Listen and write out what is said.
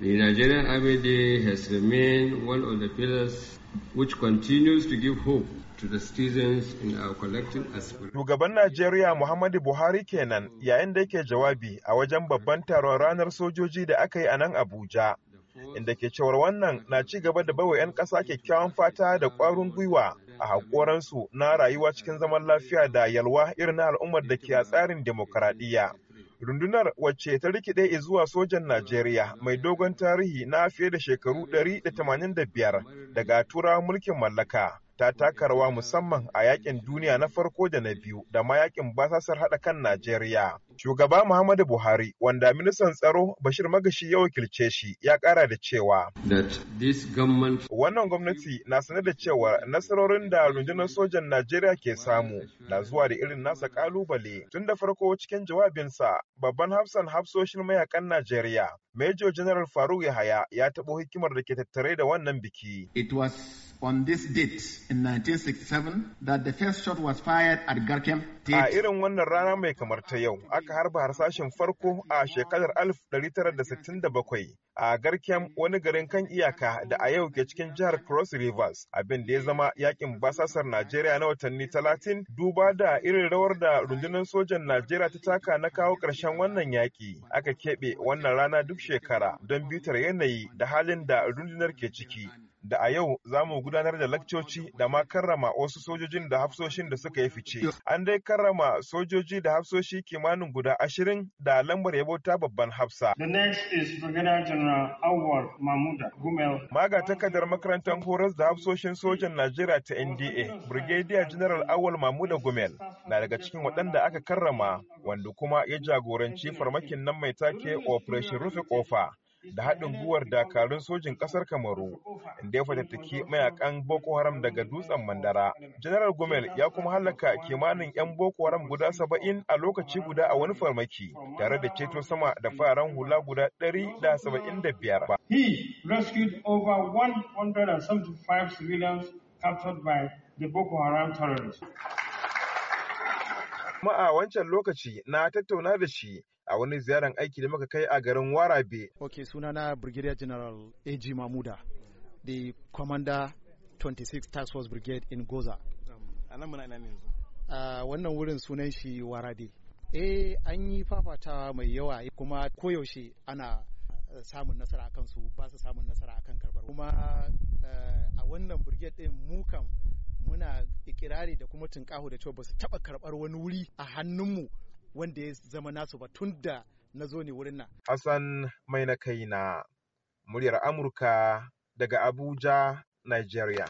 The Nigerian Army Day has remained one of the pillars which continues to give hope to the citizens in our collective aspirations. Shugaban Najeriya Muhammadu Buhari kenan yayin da yake jawabi a wajen babban taron ranar sojoji da aka yi a nan Abuja. Inda ke cewar wannan na ci gaba da bawa 'yan ƙasa kyakkyawan fata da ƙwarin gwiwa a haƙoransu na rayuwa cikin zaman lafiya da yalwa irin na al'ummar da ke a tsarin demokaradiyya. Rundunar wacce ta rikide zuwa sojan Najeriya mai dogon tarihi na fiye da shekaru 185 daga tura mulkin mallaka. ta taka rawa musamman a yakin duniya na farko da na biyu da ma yakin basasar haɗa kan Najeriya Shugaba Muhammadu Buhari wanda ministan tsaro Bashir Magashi ya wakilce shi ya kara da cewa wannan gwamnati na sanar da cewa nasarorin da rundunar sojan Najeriya ke samu na zuwa da irin nasa kalubale tun da farko cikin jawabinsa babban hafsan hafsoshin mayakan Najeriya Major General Faruk Yahaya ya taɓo hikimar da ke tattare da wannan biki. It was on this date in 1967 that the first shot was fired at Garkem A irin wannan rana mai kamar ta yau, aka harba harsashen farko a shekarar 1967 a garken wani garin kan iyaka da a yau ke cikin jihar Cross Rivers, abin da ya zama yakin basasar Najeriya na watanni 30 duba da irin rawar da rundunar sojan Najeriya ta taka na kawo ƙarshen wannan yaƙi. Aka keɓe wannan rana duk shekara don bitar yanayi da halin da rundunar ke ciki. da a yau za mu gudanar da lakcoci da ma karrama wasu sojojin da hafsoshin da suka yi fice. An dai karrama sojoji da hafsoshi kimanin guda ashirin da lambar yabo ta babban hafsa. The next is Brigadier General Awar Mahmuda Gumel. Maga takardar makarantar horas da hafsoshin sojan Najeriya ta NDA, Brigadier General Awal Mahmuda Gumel na daga cikin waɗanda aka karrama wanda kuma ya jagoranci farmakin nan mai take Operation Rufe ƙofa. da haɗin guwar dakarun sojin ƙasar kamaru inda ya fatattaki mayakan boko haram daga dutsen mandara janaral gomel ya kuma halaka kimanin 'yan boko haram guda saba'in a lokaci guda a wani farmaki tare da ceto sama da fararen hula guda ɗari da saba'in da biyar He rescued over 175 civilians captured by the Boko Haram terrorists. Kuma a wancan lokaci na tattauna da shi a wani ziyarar aiki da muka kai a garin Warabe. Ok, sunana Brigadier General A.G. Mamuda, the Commander 26 Task Force Brigade in Goza. Wannan wurin sunan shi Warabe. Eh, an yi fafatawa mai yawa kuma koyaushe ana eh, samun nasara akan su ba su samun nasara akan karbar kuma eh, a wannan brigade din mu muna ikirari da kuma tunkaho da cewa ba su taba karbar wani wuri a hannunmu wanda ya zama nasu ba tun da na zo ne wurin nan. Hassan mai na kai na muryar Amurka daga Abuja, Nigeria.